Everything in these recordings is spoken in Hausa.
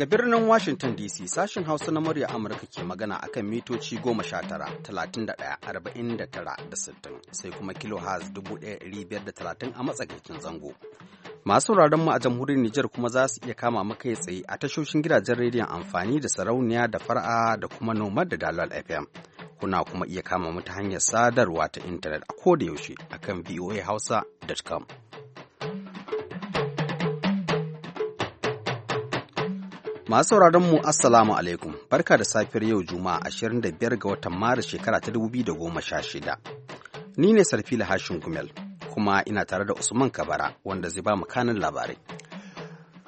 Daga birnin Washington DC sashen Hausa na murya Amurka ke magana akan mitoci da tara da sittin, sai kuma kilo da 1530 a matsakaicin zango. Masu mu a jamhuriyar Nijar kuma za su iya kama maka ya tsaye a tashoshin gidajen rediyon amfani da sarauniya da fara'a da kuma nomad da dalal FM. Kuna kuma iya kama mu hanyar sadarwa ta intanet a koda yaushe akan voahausa.com. Masu sauraron mu Assalamu alaikum. Barka da safiyar yau Juma'a biyar ga watan Maris shekara ta dubu da goma sha shida. Ni ne sarfi lahashin Gumel kuma ina tare da Usman Kabara wanda zai ba mu kanin labarai.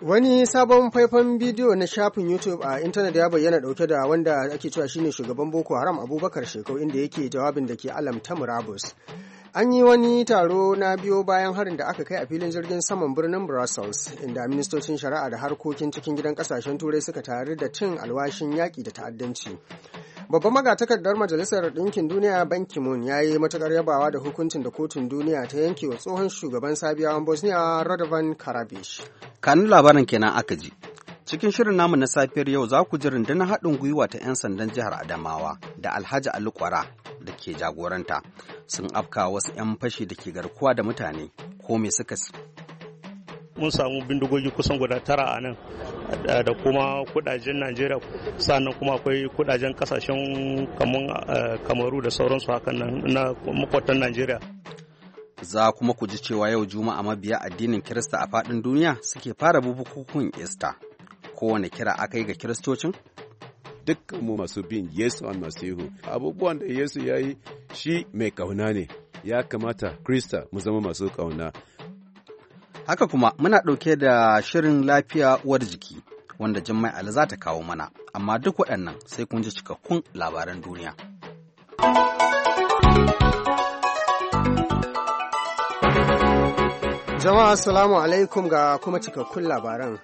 Wani sabon faifan bidiyo na shafin YouTube a intanet ya bayyana dauke da wanda ake cewa shine shugaban Boko Haram Abubakar Shekau inda yake jawabin da ke alamta murabus. An yi wani taro na biyo bayan harin da aka kai a filin jirgin saman birnin Brussels, inda ministocin shari'a da harkokin cikin gidan kasashen turai suka tare da cin alwashin yaƙi da ta'addanci. Babban magatakardar Majalisar Ɗinkin Duniya Ban ki ya yi matuƙar yabawa da hukuncin da Kotun Duniya ta yanke wa tsohon shugaban Sabiyawan Bosnia Radovan Karabish. Kanun labarin kenan aka ji. Cikin shirin namu na safiyar yau za ku ji rundunar haɗin gwiwa ta 'yan sandan jihar Adamawa da Alhaji Ali da ke jagoranta sun afka wasu 'yan fashi da ke garkuwa da mutane ko me suka mun samu bindigogi kusan guda tara a nan da kuma kudajen najeriya sannan kuma akwai kudajen kasashen eh, kamaru da sauransu hakan nan na makwatan najeriya za kuma ku ji cewa yau juma'a mabiya addinin kirista a faɗin duniya suke fara bukukuwan ista kowane kira aka yi ga kiristocin? Dukkanmu masu bin Yesu almasihu abubuwan da Yesu ya yi shi mai kauna ne, ya kamata Krista mu zama masu kauna. Haka kuma muna ɗauke da shirin lafiya uwar jiki wanda Jummai Ali za ta kawo mana, amma duk waɗannan sai kun ji cikakkun labaran duniya. Jama'a Assalamu alaikum ga kuma cikakkun labaran.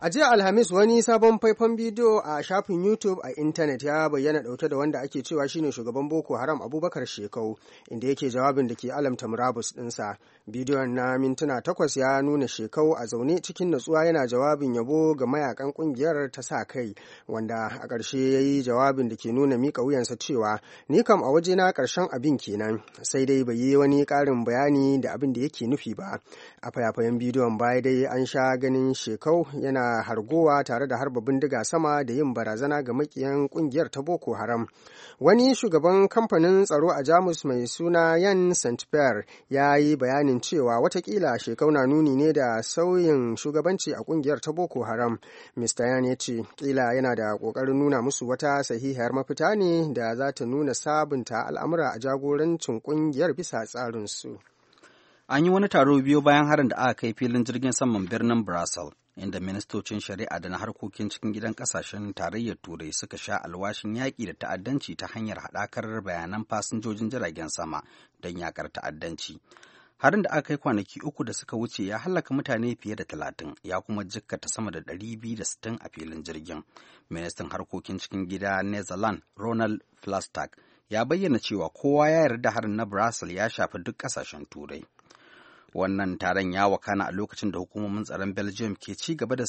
A jiya Alhamis wani sabon faifan bidiyo a shafin YouTube a intanet ya bayyana ɗauke da wanda ake cewa shine shugaban Boko Haram Abubakar Shekau inda yake jawabin da ke alamta murabus ɗinsa. Bidiyon na mintuna takwas ya nuna Shekau a zaune cikin natsuwa yana jawabin yabo ga mayakan ƙungiyar ta sa kai wanda a ƙarshe ya yi jawabin da ke nuna miƙa wuyansa cewa ni kam a wajena ƙarshen abin kenan sai dai bai yi wani ƙarin bayani da abin da yake nufi ba. A fayafayen bidiyon baya dai an sha ganin Shekau yana hargowa tare da harba bindiga sama da yin barazana ga makiyan kungiyar ta Boko Haram. Wani shugaban kamfanin tsaro a Jamus mai suna Yan St. Pierre ya yi bayanin cewa watakila shekau na nuni ne da sauyin shugabanci a kungiyar ta Boko Haram. Mr. Yan ya ce, kila yana da ƙoƙarin nuna musu wata sahihiyar mafita ne da za ta nuna sabunta al'amura a jagorancin kungiyar bisa tsarinsu. An yi wani taro biyu bayan harin da aka kai filin jirgin saman birnin Brussels, inda ministocin shari'a da na harkokin cikin gidan kasashen tarayyar Turai suka sha alwashin yaƙi da ta'addanci ta hanyar haɗakar bayanan fasinjojin jiragen sama don yaƙar ta'addanci. Harin da aka kai kwanaki uku da suka wuce ya hallaka mutane fiye da talatin ya kuma jikkata sama da ɗari biyu da sittin a filin jirgin. Ministan harkokin cikin gida Netherlands Ronald Flastak ya bayyana cewa kowa ya yarda harin na Brussels ya shafi duk ƙasashen Turai. wannan taron ya wakana a lokacin da hukumomin tsaron belgium ke ci gaba da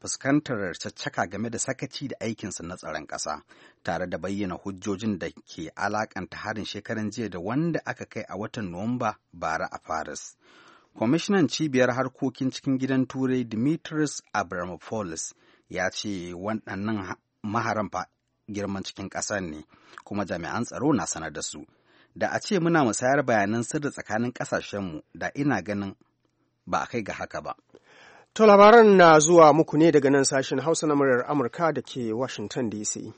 fuskantar caccaka game da sakaci da aikinsa na tsaron ƙasa tare da bayyana hujjojin da ke alakanta harin shekaran jiya da wanda aka kai a watan nuwamba bara a paris kwamishinan cibiyar harkokin cikin gidan turai dimitris abramopoulos ya ce waɗannan maharan girman cikin ƙasar ne kuma jami'an tsaro na sanar da su da a ce muna musayar bayanan sirri tsakanin ƙasashenmu da ina ganin ba a kai ga haka ba. To labaran na zuwa muku ne daga nan sashen Hausa na muryar Amurka da ke Washington DC.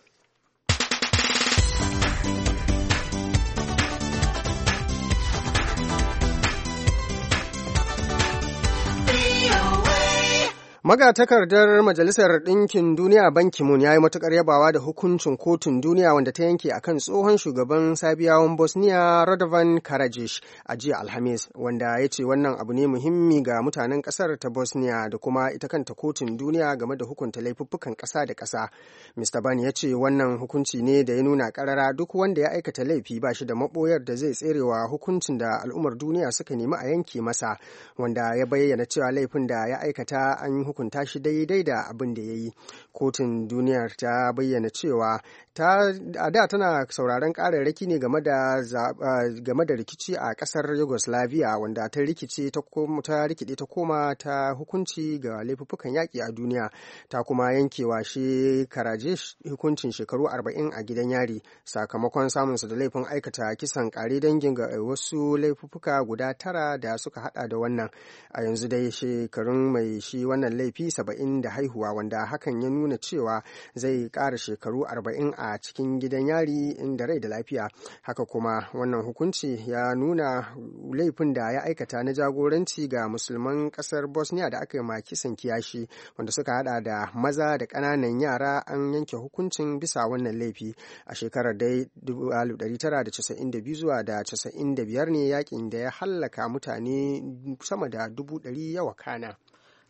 Magatakardar Majalisar Ɗinkin Duniya Ban Mun ya yi matukar yabawa da hukuncin kotun duniya wanda ta yanke akan tsohon shugaban Sabiyawan Bosnia Radovan Karadzic a jiya Alhamis wanda ya ce wannan abu ne muhimmi ga mutanen ƙasar ta Bosnia da kuma ita kanta kotun duniya game da hukunta laifuffukan ƙasa da kasa. Mr. Ban ya ce wannan hukunci ne da ya nuna ƙarara duk wanda ya aikata laifi ba shi da maɓoyar da zai tserewa hukuncin da al'ummar duniya suka nemi a yanke masa wanda ya bayyana cewa laifin da ya aikata an yi hukunta shi daidai da abin da ya yi kotun duniyar ta bayyana cewa a da tana sauraron kararraki ne game da rikici a kasar yugoslavia wanda ta rikice ta rikide ta koma ta hukunci ga laifuffukan yaƙi a duniya ta kuma yankewa shi karaje hukuncin shekaru 40 a gidan yari sakamakon samunsa da laifin aikata kisan kare dangin ga wasu laifuffuka guda tara da suka hada da wannan a yanzu dai shekarun mai shi wannan laifi saba'in da haihuwa wanda hakan ya nuna cewa zai kara shekaru arba'in a cikin gidan yari inda rai da lafiya haka kuma wannan hukunci ya nuna laifin da ya aikata na jagoranci ga musulman kasar bosnia da aka yi san kiyashi wanda suka hada da maza da kananan yara an yanke hukuncin bisa wannan laifi a shekarar dai 1992 zuwa da 95 ne yakin da ya hallaka mutane sama da dubu ɗari yawa kana.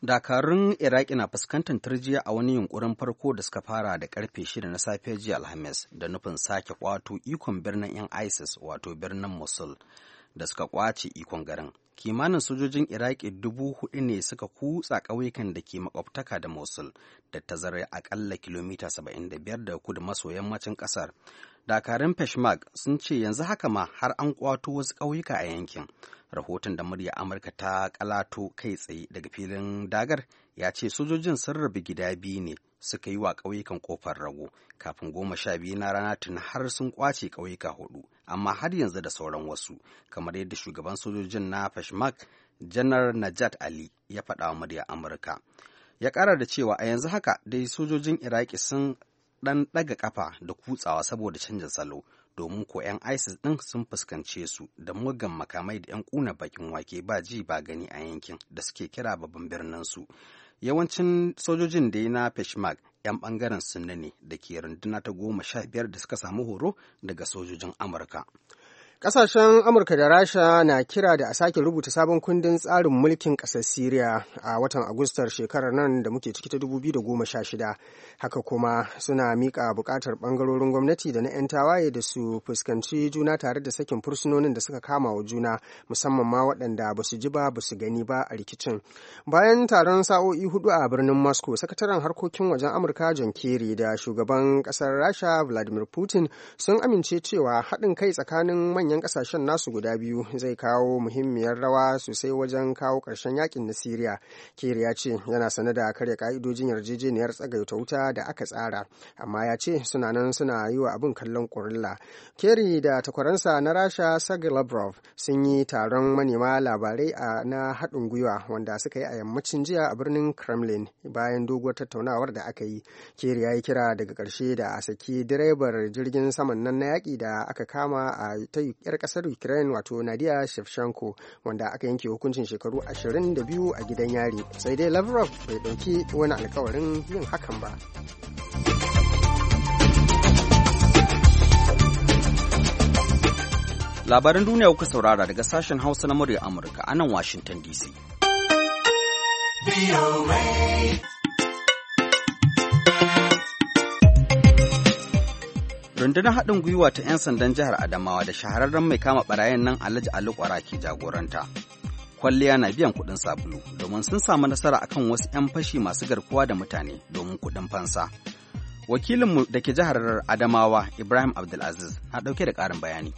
dakarun iraki na fuskantar turjiya a wani yunkurin farko da suka fara da karfe shida na safiyar jiya alhamis da nufin sake kwato ikon birnin yan isis wato birnin mosul da suka kwace ikon garin kimanin sojojin iraki dubu hudu ne suka kutsa ƙauyukan da ke makwabtaka da mosul da tazarar akalla kilomita 75 da kudu maso yammacin ƙasar dakarun peshmerg sun ce yanzu haka ma har an kwato wasu ƙauyuka a yankin rahoton da murya amurka ta kalato kai tsaye daga filin dagar ya ce sojojin sun rabu gida biyu ne suka yi wa ƙauyukan kofar rago kafin goma sha biyu na rana tun har sun kwace ƙauyuka hudu amma har yanzu da sauran wasu kamar yadda shugaban sojojin na peshmerg janar najat ali ya faɗa wa murya amurka ya ƙara da cewa a yanzu haka dai sojojin iraki sun ɗan ɗaga kafa da kutsawa saboda canjin salo domin ko 'yan isis ɗin sun fuskance su da mugan makamai da 'yan kuna bakin wake ba ji ba gani a yankin da suke kira babban birnin su yawancin sojojin da na peshmerg 'yan ɓangaren sunna ne da ke runduna ta goma sha biyar da suka samu horo daga sojojin amurka Ƙasashen Amurka da Rasha na kira da a sake rubuta sabon kundin tsarin mulkin ƙasar Siriya a watan Agustar shekarar nan da muke ciki ta 2016. Haka kuma suna miƙa buƙatar ɓangarorin gwamnati da na 'yan tawaye da su fuskanci juna tare da sakin fursunonin da suka kama wa juna musamman ma waɗanda ba su ji ba ba su gani ba a rikicin. Bayan taron sa'o'i hudu a birnin Moscow, sakataren harkokin wajen Amurka John Kerry da shugaban ƙasar Rasha Vladimir Putin sun amince cewa haɗin kai tsakanin manyan manyan kasashen nasu guda biyu zai kawo muhimmiyar rawa sosai wajen kawo ƙarshen yakin na Siriya. Kir ya ce yana sane da karya ka'idojin yarjejeniyar tsagaita wuta da aka tsara, amma ya ce suna nan suna yi wa abin kallon kurilla. Kerry da takwaransa na Rasha Sergei Lavrov sun yi taron manema labarai a na haɗin gwiwa wanda suka yi a yammacin jiya a birnin Kremlin bayan doguwar tattaunawar da aka yi. Keri ya yi kira daga ƙarshe da a saki direbar jirgin saman nan na yaƙi da aka kama a ta yar kasar ukraine wato nadia shevchenko wanda aka yanke hukuncin shekaru 22 a gidan yari sai dai lavrov bai ɗauki wani alkawarin yin hakan ba labaran duniya kuka saurara daga sashen hausa na murya amurka a nan washington dc rundunar haɗin gwiwa ta 'yan sandan jihar adamawa da shahararren mai kama barayin nan alhaji ali ke jagoranta kwalliya na biyan kuɗin sabulu domin sun samu nasara akan wasu 'yan fashi masu garkuwa da mutane domin kuɗin fansa wakilinmu da ke jihar adamawa ibrahim abdulaziz na ɗauke da ƙarin bayani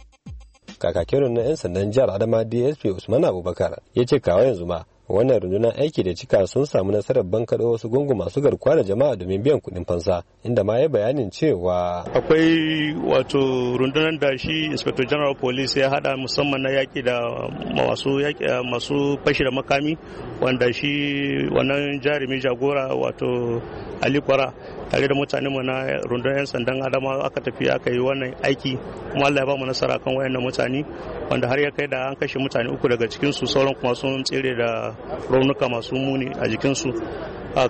kakakin na 'yan sandan jihar adama dsp usman abubakar ya ce kawai yanzu ma wannan rundunar aiki da cika sun samu nasarar bankaɗo wasu gungu masu garkuwa da jama'a domin biyan kuɗin fansa inda ma ya bayanin cewa akwai wato rundunar da shi inspector general police ya hada musamman na yaƙi da masu eh, masu fashi da makami wanda shi wannan jarumi jagora wato ali kwara tare da mutane mu na rundunar sandan adama aka tafi aka yi wannan aiki kuma allah ya ba mu nasara kan wayannan mutane wanda har ya kai da an kashe mutane uku daga cikinsu sauran kuma sun tsere da raunuka masu muni a jikinsu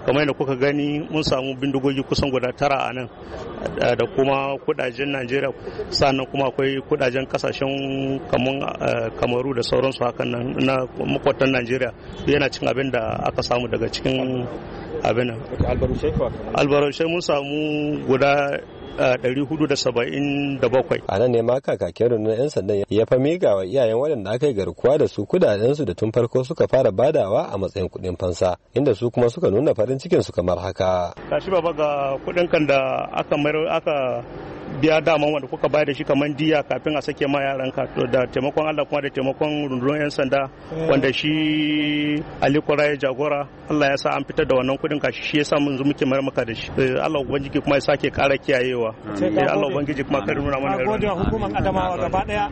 kamar yadda kuka gani mun samu bindigogi kusan guda tara a nan da kuma kudajen najeriya sannan kuma akwai kudajen kasashen kamaru da sauransu hakan nan na makwatan najeriya yana cin abin da aka samu daga cikin abin nan Albarushe mun samu guda 477 a nan ne ma kakakin rundunar 'yan sandan ya fa miga wa iyayen waɗanda aka yi garkuwa da su kudadensu da tun farko suka fara badawa a matsayin kuɗin fansa inda su kuma suka nuna farin cikin su kamar haka Ka gashi baba ga kuɗin kan da aka mayar aka biya daman wanda kuka bayar da shi kamar diya kafin a sake ma yaranka da taimakon Allah kuma da taimakon rundunar 'yan sanda eh. wanda shi Ali Kwara ya jagora Allah ya sa an fitar da wannan kudin kashi shi ya sa mun muke mar maka da shi eh, Allah ubangiji kuma ya sake kara kiyayewa eh, Allah ubangiji kuma kar nuna mana gode wa hukumar Adamawa gaba daya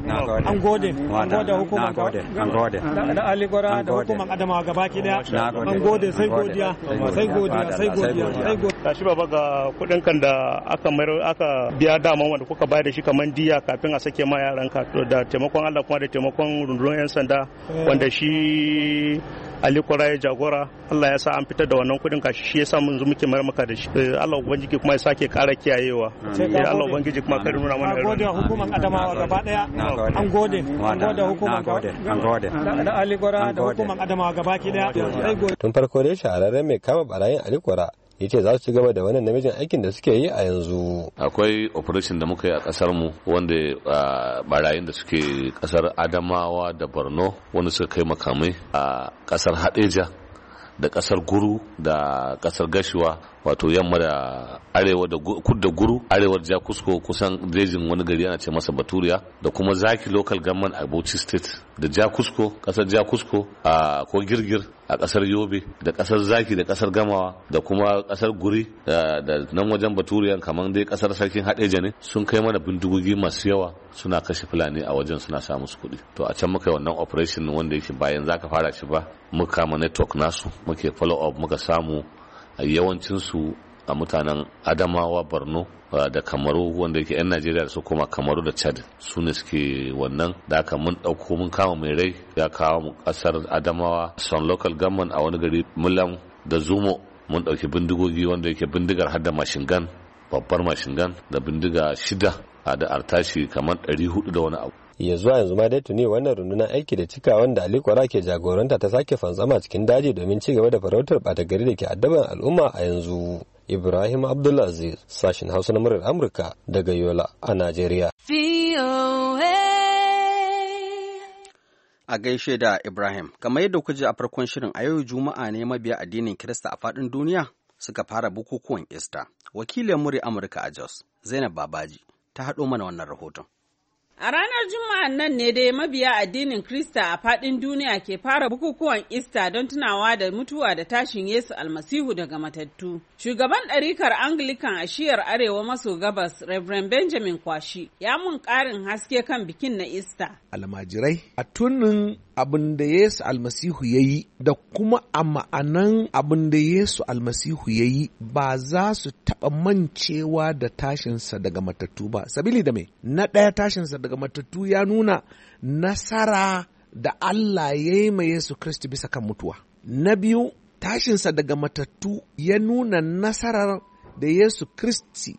an gode an gode hukumar an gode da Ali Kwara da hukumar Adamawa gaba ki daya an gode sai godiya sai godiya sai godiya sai godiya gashi baba ga kudin kan da aka mayar aka biya daman wanda kuka bayar da shi kaman diya kafin a sake ma yaran ka da taimakon Allah kuma da taimakon rundunar 'yan sanda eh. wanda shi Ali Kora ya jagora Allah ya sa an fitar da wannan kudin kashi shi yasa mun zo muke mayar maka da shi eh, Allah ubangiji kuma ya sake kara kiyayewa eh, Allah ubangiji kuma ka nuna mana gode hukumar Adamawa gaba daya an gode an gode hukumar an gode da Ali Kora da hukumar Adamawa gaba ki daya tun farko dai shahararren mai kama barayin Ali Kora ya ce za su gaba da wannan namijin aikin da suke yi a yanzu akwai operation da muka yi a kasar mu wanda barayin da suke kasar adamawa da borno wanda suka kai makamai a kasar hadeja da kasar guru da kasar gashiwa wato yamma da arewa da kud guru arewa da jakusko kusan jejin wani gari ana ce masa baturiya da kuma zaki local government a bauchi state da jakusko kasar jakusko a ko girgir a kasar yobe da kasar zaki da kasar gamawa da kuma kasar guri da nan wajen baturiya kamar dai kasar sarkin haɗeja ne sun kai mana bindigogi masu yawa suna kashe fulani a wajen suna sa musu kuɗi to a can muka yi wannan operation wanda yake bayan zaka fara shi ba muka kama network nasu muke follow up muka samu yawancinsu a mutanen adamawa borno da kamaru wanda yake 'yan najeriya da su koma kamaru da chad su ne suke wannan da aka mun ɗauko mun kama mai rai ya kawo mu ƙasar adamawa son local government a wani gari mulam da zumo mun ɗauki bindigogi wanda yake bindigar har da gan babbar mashingan da bindiga shida a da artashi kamar 400 da wani abu ya zuwa yanzu ma dai tuni wannan rundunar aiki da cika wanda Ali Kwara ke jagoranta ta sake fantsama cikin daji domin ci gaba da farautar ɓata gari da ke addaban al'umma a yanzu. Ibrahim Abdulaziz, sashin Hausa na murar Amurka daga Yola a Najeriya. A gaishe da Ibrahim, kamar yadda ku ji a farkon shirin a yau Juma'a ne mabiya addinin Kirista a faɗin duniya suka fara bukukuwan Ista. Wakilin muri Amurka a Jos, Zainab Babaji, ta haɗo mana wannan rahoton. A ranar Juma'a nan ne dai mabiya addinin Krista a faɗin duniya ke fara bukukuwan Ista don tunawa da mutuwa da tashin Yesu almasihu daga matattu. Shugaban ɗarikar Anglican a shiyar Arewa maso gabas, Reverend Benjamin Kwashi, ya mun ƙarin haske kan bikin na Ista. Almajirai, a tunin abin da Yesu almasihu ya yi da kuma a ma'anan abin da Yesu almasihu ya yi ba za su taɓa mancewa da tashinsa daga matattu ba. Sabili da me, na ɗaya tashinsa daga matattu ya nuna nasara da Allah ya yi ma Yesu Kiristi bisa kan mutuwa. Na biyu, tashinsa daga matattu ya nuna nasarar da Yesu Kiristi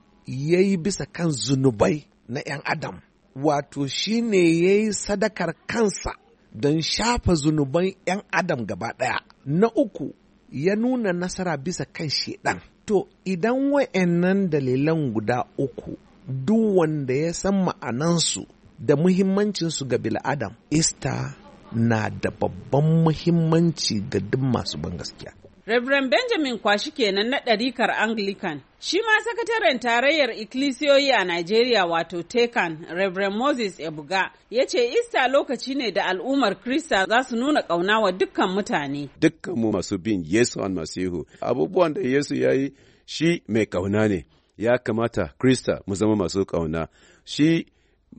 ya yi bisa kan zunubai na ‘yan Adam. Wato shi ne ya yi sadakar kansa don shafa zunuban 'yan adam gaba ɗaya. Na uku ya nuna nasara bisa kan shedan. To idan wa'annan dalilan guda uku duk wanda ya san ma'anansu da muhimmancinsu ga bil'adam, ista na da babban muhimmanci ga duk masu ban gaskiya. Reverend Benjamin Kwashi kenan na ɗarikar Anglican. Shi ma sakataren tarayyar ikkilisiyoyi a Najeriya wato Tekan, Reverend Moses Ebuga, ya ce Ista lokaci ne da al'ummar Krista za su nuna ƙauna wa dukkan mutane. Dukkan mu masu bin Yesu an masihu. abubuwan da Yesu ya yi shi mai ƙauna ne, ya kamata Krista mu zama masu ƙauna, shi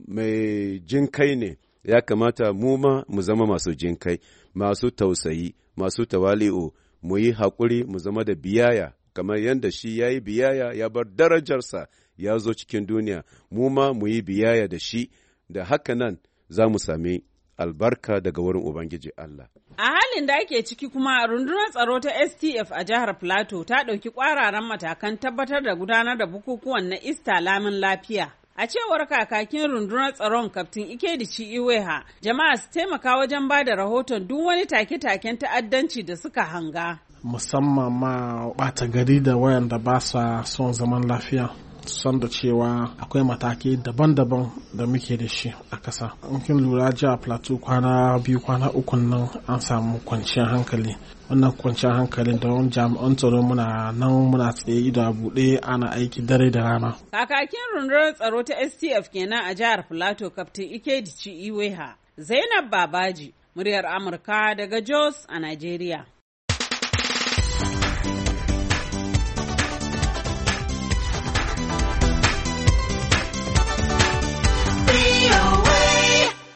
mai jin kai ne, ya kamata mu ma mu zama masu jin kai, masu tausayi, masu tawali'u. mu yi haƙuri mu zama da biyaya kamar yadda shi ya yi biyaya ya bar darajarsa ya zo cikin duniya mu ma mu yi biyaya da shi da haka nan za mu sami albarka daga wurin Ubangiji Allah. A halin da ake ciki kuma rundunar tsaro ta STF a jihar Plateau ta ɗauki ƙwararan matakan tabbatar da gudanar da bukukuwan na Ista lamin lafiya. A cewar kakakin rundunar tsaron Kaftin Ikedici Iweha, jama'a su taimaka wajen ba da rahoton duk wani take-taken ta'addanci da suka hanga. Musamman ma ta gari da da ba sa son zaman lafiya. san da cewa akwai mataki daban-daban da muke da shi a kasa. in kin lura a plateau kwana biyu kwana uku nan an samu kwanciyar hankali wannan kwanciyar hankali da wani jami'an tsaro muna nan muna tsaye ido a buɗe ana aiki dare da rana. Kakakin rundunar tsaro ta STF kenan a jihar plateau Kaftin Ikedici Iweha, Zainab Babaji, muryar Amurka daga Jos a nigeria.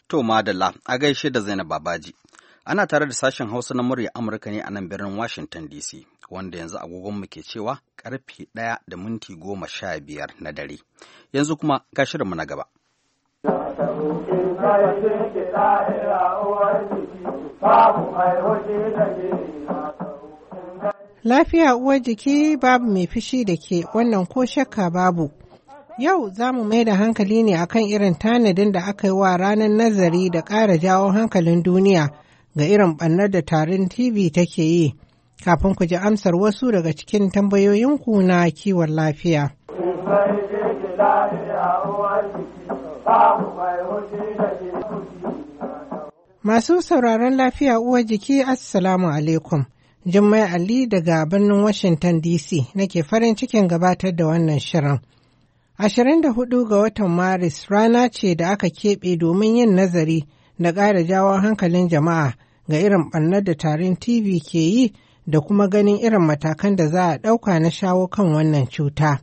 To madalla a gaishe da Zainab Babaji. Ana tare da sashen Hausa na murya Amurka ne a nan birnin Washington DC, wanda yanzu agogonmu ke cewa karfe ɗaya da minti goma sha biyar na dare. Yanzu kuma ga shirinmu na gaba. Lafiya uwar jiki babu mai fishi da ke wannan ko shakka babu. Yau za mu mai da hankali ne akan irin tanadin da aka yi wa ranar nazari da ƙara jawo hankalin duniya ga irin ɓannar da tarin TV take yi, kafin ku ji amsar wasu daga cikin tambayoyinku na kiwon lafiya. Masu sauraron lafiya uwa jiki, Assalamu alaikum. Jummai Ali daga birnin Washington DC nake farin cikin gabatar da wannan shirin. 24 ga watan Maris rana ce da aka keɓe domin yin nazari da ƙara jawo hankalin jama'a ga irin ɓarnar da tarin TV ke yi da kuma ganin irin matakan da za a ɗauka na shawo kan wannan cuta.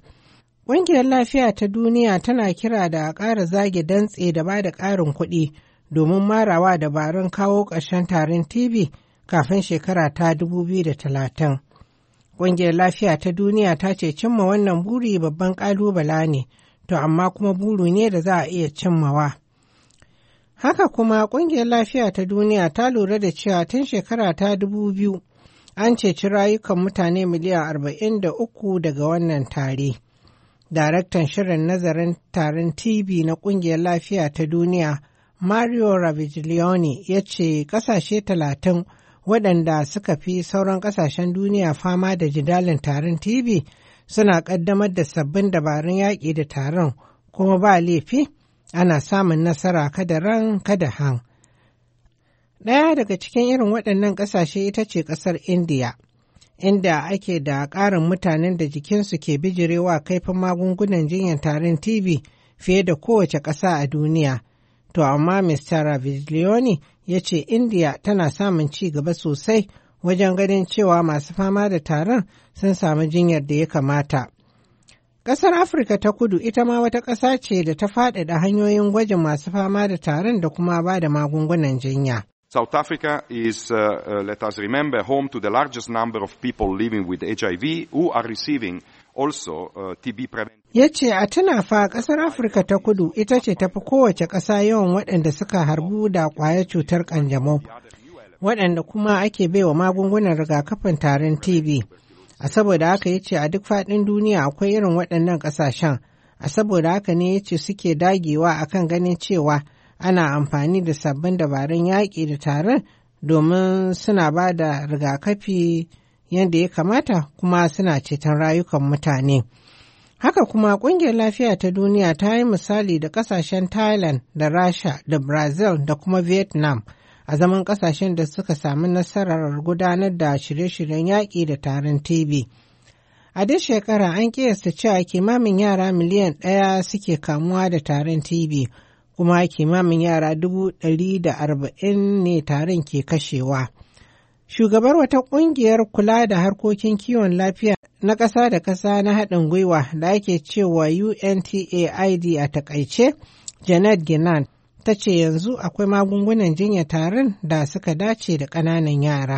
Ƙungiyar Lafiya ta Duniya tana kira da a ƙara zage dantse da ba da ƙarin kuɗi domin marawa dabarun kawo ƙarshen tarin TV kafin shekara ta 2030. Ƙungiyar lafiya ta duniya ta ce cimma wannan buri babban ƙalubala ne, to amma kuma buru ne da za a iya cimmawa. Haka kuma ƙungiyar lafiya ta duniya ta lura da cewa tun shekara ta dubu biyu an ceci rayukan mutane miliyan arba'in da uku daga wannan tare. Daraktan shirin nazarin taron TV na ƙungiyar lafiya ta duniya Mario Raviglione ya ce ƙasashe talatin waɗanda suka fi sauran ƙasashen duniya fama da jidalin taron TV suna ƙaddamar da sabbin dabarun yaƙi da taron kuma ba laifi ana samun nasara kada ran kada han. Ɗaya daga cikin irin waɗannan ƙasashe ita ce ƙasar Indiya, inda ake da ƙarin mutanen da jikinsu ke bijirewa kaifin magungunan jinyar tarin TV fiye da kowace ƙasa a duniya. To amma Mr. Raviglione ya ce indiya tana samun ci gaba sosai wajen ganin cewa masu fama da taron sun samu jinyar da ya kamata ƙasar afirka ta kudu ita ma wata ƙasa ce da ta faɗaɗa hanyoyin gwajin masu fama da taron da kuma ba da magungunan jinya South Africa is, uh, uh, let us remember, home to the largest number of people living with HIV who are receiving also uh, TB prevention. ya ce a tuna fa ƙasar afirka ta kudu ita ce tafi kowace ƙasa yawan waɗanda suka harbu da ƙwayar cutar ƙanjamau waɗanda kuma ake baiwa magungunan rigakafin tarin TV; a saboda haka ya ce a duk faɗin duniya akwai irin waɗannan ƙasashen a saboda haka ne ya ce suke dagewa a kan ganin cewa ana amfani da sabbin dabarun yaƙi da tarin domin suna ba da rigakafi yadda ya kamata kuma suna ceton rayukan mutane. Haka kuma ƙungiyar lafiya ta duniya ta yi misali da ƙasashen Thailand da Rasha da Brazil da kuma Vietnam a zaman ƙasashen da suka sami nasarar gudanar da shirye-shiryen yaƙi da taron TB. A duk shekara an ƙiyasta cewa kimamin yara miliyan ɗaya suke kamuwa da taron TB kuma kimamin yara dubu ɗari da arba'in ne taron ke kashewa. Shugabar wata ƙungiyar kula da harkokin kiwon lafiya na ƙasa da ƙasa na haɗin gwiwa da ake cewa UNTAID a takaice, Janet Ginan, ta ce yanzu akwai magungunan jinya tarin da suka dace da ƙananan yara.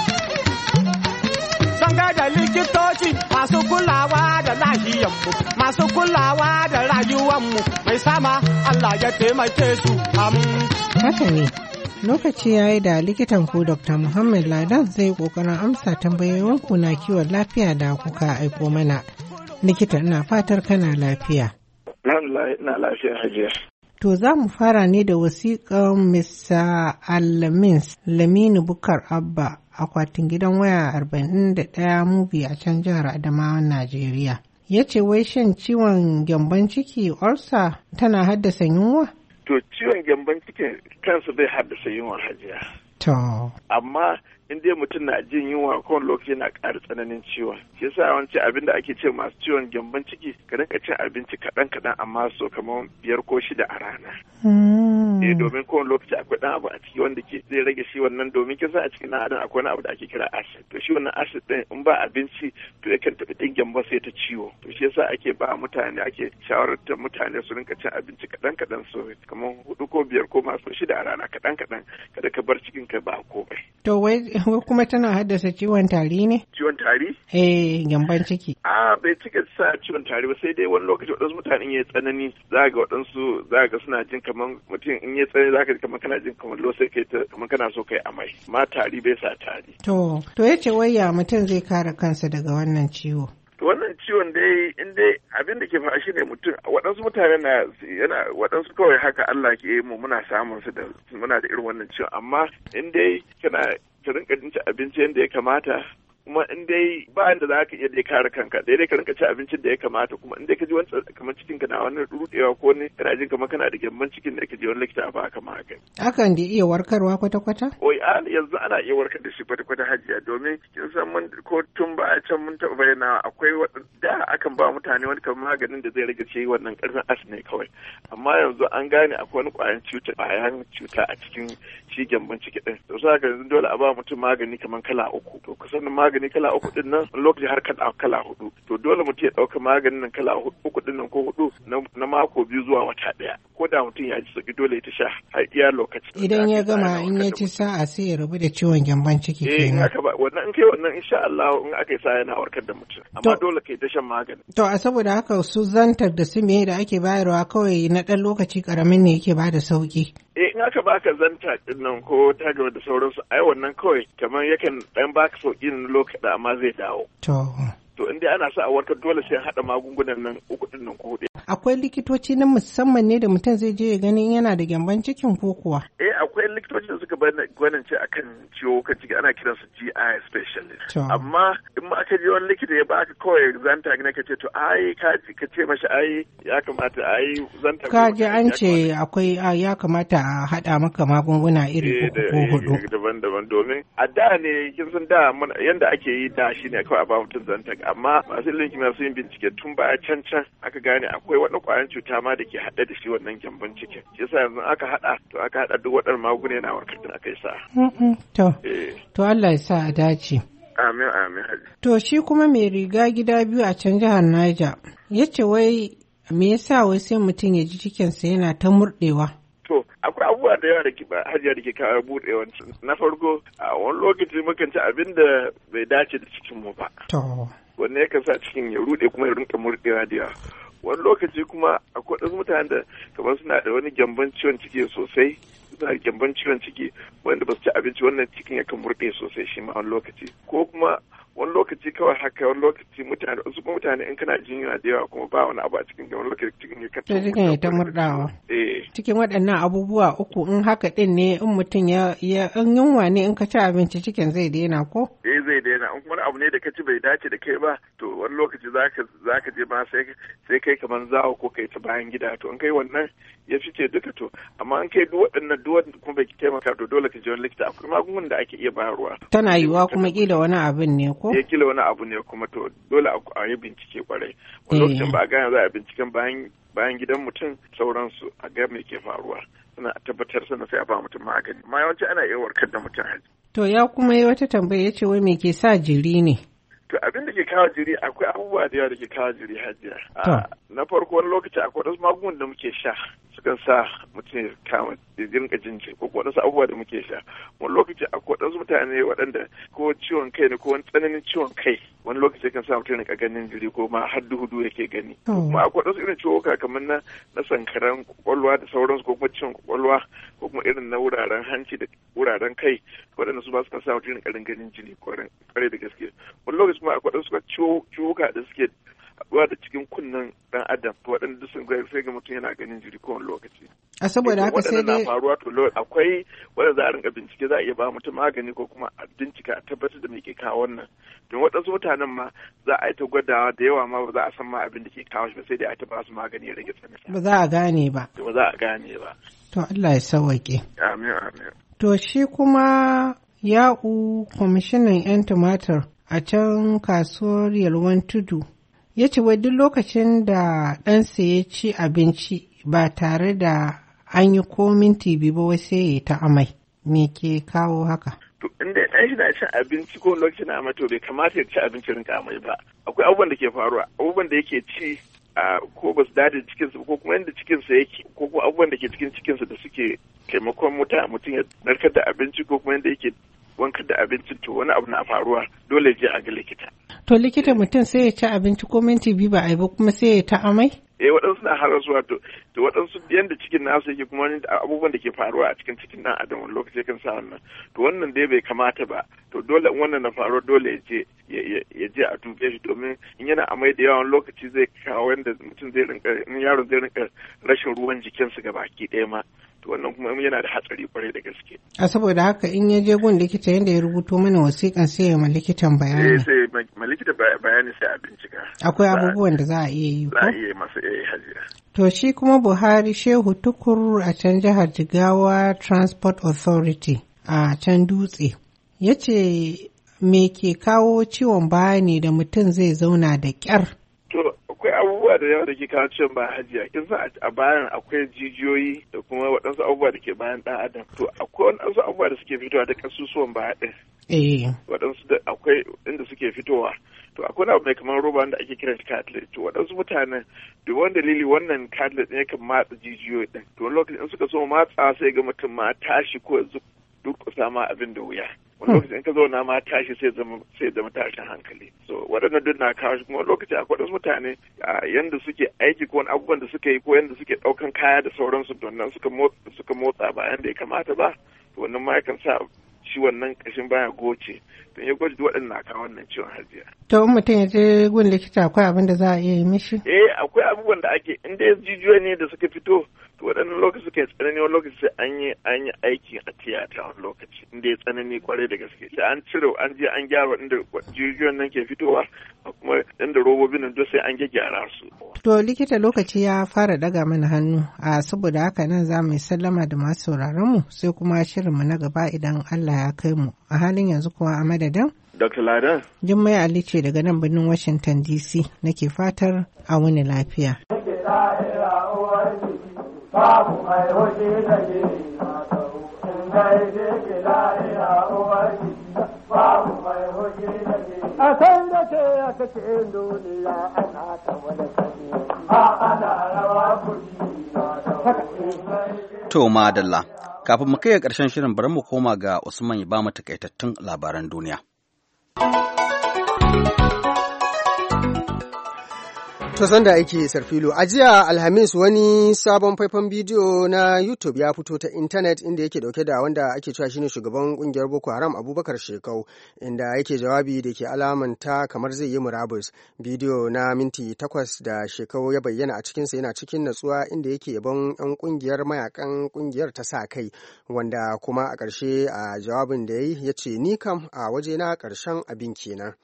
da likitoci masu kulawa da lahiyanmu masu kulawa da rayuwanmu mai sama Allah ya taimake su Haka ne. lokaci ya yi da likitan ku dr muhammad ladan zai kokarin amsa ku na kiwon lafiya da kuka aiko mana likita ina fatar kana lafiya na lafiya hajiya to za mu fara ne da wasiƙar mr alamins lamini bukar abba akwatin gidan waya 41 mubi a can jihar adamawa najeriya ya ce wai shan ciwon gyambon ciki orsa tana haddasa yunwa to ciwon gyambon cikin kansu zai haddasa yunwar hajiya amma in dai mutum na jin yunwa kowane lokaci yana ƙara tsananin ciwon shi yasa yawanci abin da ake ce masu ciwon gyambon ciki ka rinka cin abinci kaɗan kaɗan amma so kamar biyar ko shida a rana hmm. ne mm. domin kowane lokaci akwai ɗan abu a ciki wanda ke zai rage shi wannan domin kin san a cikin ɗan adam akwai wani abu da ake kira acid to shi wannan acid ɗin in ba abinci to yakan tafi dingin ba sai ta ciwo to shi yasa ake ba mutane ake shawarar mutane su rinka cin abinci kaɗan kaɗan so kamar hudu ko biyar ko masu shida a rana kaɗan kaɗan kada ka bar cikin ka ba komai. To wai kuma tana haddasa ciwon tari ne? Ciwon tari? Eh gyamban ciki. A bai cika sa ciwon tari ba sai dai wani lokaci waɗansu mutane ya tsanani za ga waɗansu za ga suna jin kamar mutum in ya tsaye zaka ji kamar kana jin kamar lo sai kamar kana so kai amai ma tari bai sa tari to to yace wai ya mutum zai kare kansa daga wannan ciwo wannan ciwon dai in dai abin da ke shi shine mutum waɗansu mutane na yana waɗansu kawai haka Allah ke mu muna samun su da muna da irin wannan ciwon amma in dai kana ka rinka abinci yadda ya kamata kuma in dai ba da za ka iya dai kare kanka daidai ka rinka ci abincin da ya kamata kuma in dai ka ji wani kamar cikin ka na wani rudewa ko ne kana jin kamar kana da gyamman cikin da ka je wani likita ba ka magani akan da iya warkarwa kwata kwata oi a yanzu ana iya warkar da shi kwata kwata hajiya domin kin san mun ko tun ba a can mun taɓa bayyana akwai da akan ba mutane wani kamar maganin da zai rage ce wannan karfin as ne kawai amma yanzu an gane akwai wani kwayan cuta kwayan cuta a cikin shi gyamman ciki din to sai yanzu dole a ba mutum magani kamar kala uku to kusan magani magani kala uku din nan lokaci har kala hudu to dole mutum ya ɗauka maganin nan kala uku din nan ko hudu na mako biyu zuwa wata ɗaya ko da mutum ya ji sauki, dole ya ta sha har iya lokaci idan ya gama in ya ci sa'a sai ya rabu da ciwon gyamban ciki eh, kenan eh haka ba wannan in kai wannan insha Allah in aka yi sa yana warkar da mutum amma dole kai ta shan magani to a saboda haka su zantar da su me da ake bayarwa kawai na ɗan lokaci karamin ne yake bada sauki Eh, in aka baka zanta din nan ko ta gaba da sauransu ai wannan kawai kamar yakan dan baka sauƙin lokaci amma zai dawo. to in dai ana sa a warkar dole sai hada magungunan nan uku ɗin nan ko akwai likitoci na musamman ne da mutum zai je ya ganin yana da gyamban cikin ko kuwa eh akwai likitocin da suka gwanince akan ciwo kan ciki ana kiransu GI specialist amma in ma aka je wani likita ya baka kawai zanta ne ka ce to ai ka ka ce mashi ai ya kamata ai zanta ka ji an ce akwai ya kamata a haɗa maka magunguna iri eh, uku ko hudu eh, daban-daban domin a da ne kin san da yanda ake yi da shine kawai a ba mutum zanta amma masu linkin na sun bincike tun baya can can aka gane akwai wani kwayan cuta ma da ke haɗe da shi wannan gyambon cikin shi yasa yanzu aka haɗa to aka haɗa duk waɗannan magunguna yana warkar da aka yi sa. to eh. to Allah ya sa a dace. Amin amin. To shi kuma mai riga gida biyu a can jihar Niger ya ce wai me yasa wai sai mutum ya ji cikinsa yana ta murɗewa. To akwai abubuwa da yawa da ke hajiya da ke kawo buɗewa na farko a wani lokaci mukan ci abin da bai dace da cikinmu ba. wannan yakan sa cikin ya rude kuma ya rinka murɗewa da wani lokaci kuma akwai wasu mutanen da kamar suna da wani gyamban ciwon ciki sosai suna da gyamban ciwon ciki wanda ba su ci abinci wannan cikin ya kan murɗe sosai shi ma wani lokaci ko kuma wani lokaci kawai haka wani lokaci mutane wasu kuma mutane in kana jin yana da yawa kuma ba wani abu a cikin ga wani lokaci cikin ya kata cikin ya ta murdawa eh. cikin waɗannan abubuwa uku in haka ɗin ne in mutum ya in yunwa ne in ka ci abinci cikin zai daina ko eh zai daina in wani abu ne da ka ci bai dace da kai ba to wani lokaci za ka je ma sai kai kamar zawo ko kai ta bayan gida to in kai wannan ya fice duka to amma in kai duk waɗannan duk kuma bai taimaka to dole ka je wani likita akwai magungunan da ake iya bayarwa. tana yiwuwa kuma kila wani abin ne ko. ya eh, kila wani abu ne kuma to dole a yi bincike kwarai wani lokacin eh. ba a gane za a binciken bayan bayan gidan mutum sauransu a ga me ke faruwa suna tabbatar suna sai a ba mutum magani ma yawanci ana iya warkar da mutum haji. to ya kuma yi wata tambaya ya ce wai me ke sa jiri ne. To abin da ke kawo jiri akwai abubuwa da yawa da ke kawo jiri hajiya. Ah, na farko wani lokaci akwai wasu magungunan da muke sha sukan sa mutum ya kama jirgin kajin ce ko wasu abubuwa da muke sha. Wani lokaci akwai wasu mutane waɗanda ko ciwon kai ne ko wani tsananin ciwon kai wani lokaci kan sa mutum ya ganin jiri ko ma har duhu duhu yake gani. Kuma akwai wasu irin ciwuka kamar na na sankaran kwakwalwa da sauransu ko kuma ciwon kwakwalwa ko kuma irin na wuraren hanci da wuraren kai waɗanda su ba su kan sa mutum ya ganin jiri kwarai da gaske. Wani lokaci su ma akwai wasu ciwuka da suke haɗuwa da cikin kunnen ɗan adam to duk sun ga sai ga mutum yana ganin jiri kowane lokaci. A saboda haka sai dai faruwa to akwai wanda za a rinka bincike za a iya ba mutum magani ko kuma a bincika a tabbatar da me ke kawo wannan. Don waɗansu mutanen ma za a yi ta gwadawa da yawa ma ba za a san ma abin da ke kawo shi ba sai dai a ta ba su magani ya rage tsanani. Ba za a gane ba. Ba za a gane ba. To Allah ya sauwaƙe. Amin amin. To shi kuma ya'u kwamishinan 'yan tumatir a can kasuwar yalwan tudu ya ce wai duk lokacin da ɗansa ya ci abinci ba tare da an yi komin tibi ba wai sai ya yi ta amai me ke kawo haka to inda ɗan shi na cin abinci ko lokacin na amai to bai kamata ya ci abinci rinka amai ba akwai abubuwan da ke faruwa abubuwan da yake ci ko ba su dade cikinsu ko kuma yadda cikinsa yake ko kuma abubuwan da ke cikin cikinsa da suke taimakon mutum mutum ya narkar da abinci ko kuma yadda yake wankar da abinci to wani abu na faruwa dole je a ga likita. To likita mutum sai ya ci abinci ko minti biyu ba a yi ba kuma sai ya ta amai? Eh waɗansu na har zuwa to to waɗansu yanda cikin nasu yake kuma abubuwan da ke faruwa a cikin cikin nan adam wani lokaci kan sa wannan to wannan dai bai kamata ba to dole wannan na faruwa dole ya je ya je a dube shi domin in yana amai da yawan lokaci zai kawo yanda mutum zai rinka yaron zai rinka rashin ruwan jikinsa baki ɗaya ma wannan kuma yana da hatsari kwarai da gaske a saboda haka in ya je gun likita yadda ya rubuto mana wasiƙa sai ya ma likitan bayani eh, sai bayani sai a bincika akwai abubuwan da za a iya yi za a iya masu iya eh, hajiya to shi kuma buhari shehu tukur a can jihar jigawa transport authority a can dutse ya ce me ke kawo ciwon bayani da mutum zai zauna da ƙyar abubuwa da yawa da ke kawo ciwon bayan hajiya kin san a bayan akwai jijiyoyi da kuma waɗansu abubuwa da ke bayan ɗan adam to akwai waɗansu abubuwa da suke fitowa da ƙasusuwan bayan ɗin eh. waɗansu da akwai inda suke fitowa to akwai abu mai kamar roba da ake kiran shi cartilage to waɗansu mutanen wani dalili wannan cartilage ne kan matsa jijiyoyi ɗin to wani lokacin in suka so matsa sai ga mutum ma tashi ko yanzu duk kusa ma abin da wuya wani lokacin in ka na ma tashi sai zama sai zama tashin hankali so waɗannan duk na kawo kuma lokaci akwai wasu mutane yanda suke aiki ko wani abubuwan da suka yi ko yanda suke ɗaukan kaya da sauransu don nan suka motsa ba yanda ya kamata ba wannan ma yakan sa shi wannan kashin baya goce don ya goce na kawo wannan ciwon hajiya. To in mutum ya je gun likita akwai abin da za a iya yi mishi? Eh akwai abubuwan da ake in dai jijiyoyi ne da suka fito waɗannan lokaci suke tsanani wani lokaci sai an yi an yi aiki a tiyata wani lokaci inda ya tsanani kwarai da gaske sai an cire an je an gyara inda jijiyoyin nan ke fitowa kuma inda robobin nan sai an gyara su. To likita lokaci ya fara daga mana hannu a saboda haka nan za mu sallama da masu sauraron mu sai kuma shirin mu na gaba idan Allah ya kai mu a halin yanzu kuwa a madadin. Dr. Ladan. Jummai Ali ce daga nan birnin Washington DC nake fatar a wani lafiya. babu mai hoji da ke matau in dai je ki lahira uwarki babu mai hoji da ke a san da ke a cikin duniya ana ta wani kare a ana rawa kuɗi matau to madalla kafin mu kai ga ƙarshen shirin bari mu koma ga Usman ya ba mu takaitattun labaran duniya. To sanda ake sarfilo a jiya alhamis wani sabon faifan bidiyo na youtube ya fito ta intanet inda yake dauke da wanda ake cewa shine shugaban kungiyar boko haram abubakar shekau inda yake jawabi da ke alamanta kamar zai yi murabus bidiyo na minti takwas da shekau ya bayyana a cikinsa yana cikin natsuwa inda yake yabon yan kungiyar mayakan kungiyar ta sa kai wanda kuma a ƙarshe a jawabin da ya yi ya ce ni kam a waje na ƙarshen abin kenan.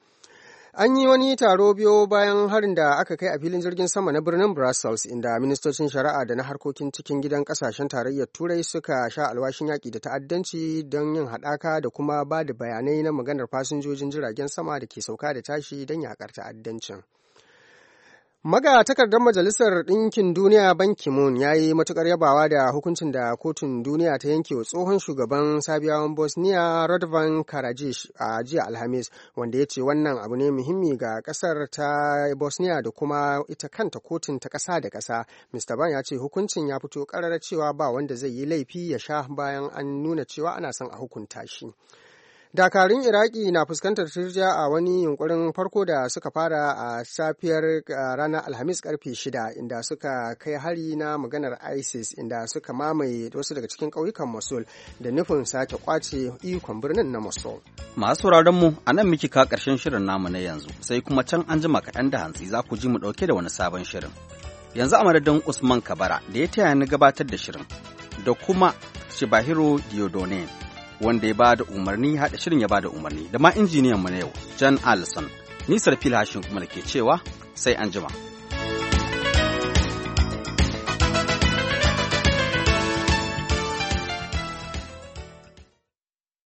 An yi wani taro biyo bayan harin da aka kai a filin jirgin sama na birnin Brussels inda ministocin shari'a da na harkokin cikin gidan kasashen tarayyar Turai suka sha alwashin yaƙi da ta'addanci don yin haɗaka da kuma ba da bayanai na maganar fasinjojin jiragen sama da ke sauka da tashi don yaƙar ta'addancin. Maga takardar Majalisar Ɗinkin Duniya Ban ya yi matukar yabawa da hukuncin da Kotun Duniya ta yanke wa tsohon shugaban Sabiyawan Bosnia Radovan Karadzic a jiya Alhamis, wanda ya ce wannan abu ne muhimmi ga ƙasar ta Bosnia da kuma ita kanta kotun ta ƙasa da ƙasa. Mr. Ban ya ce hukuncin ya fito ƙarara cewa ba wanda zai yi laifi ya sha bayan an nuna cewa ana son a hukunta shi. dakarun iraki na fuskantar turjiya a wani yunkurin farko da suka fara a safiyar ranar alhamis karfe shida inda suka kai hari na maganar isis inda suka mamaye wasu daga cikin ƙauyukan mosul da nufin sake kwace ikon birnin na mosul masu mu a nan miki ka karshen shirin namu na yanzu sai kuma can an jima kaɗan da hantsi za ku ji mu ɗauke da wani sabon shirin yanzu a madadin usman kabara da ya taya ni gabatar da shirin da kuma shibahiro diodone wanda ya ba da umarni haɗa shirin ya ba da umarni da ma injiniyan mu na yau John Allison. Nisar Sarfil hashin kuma da cewa sai an jima.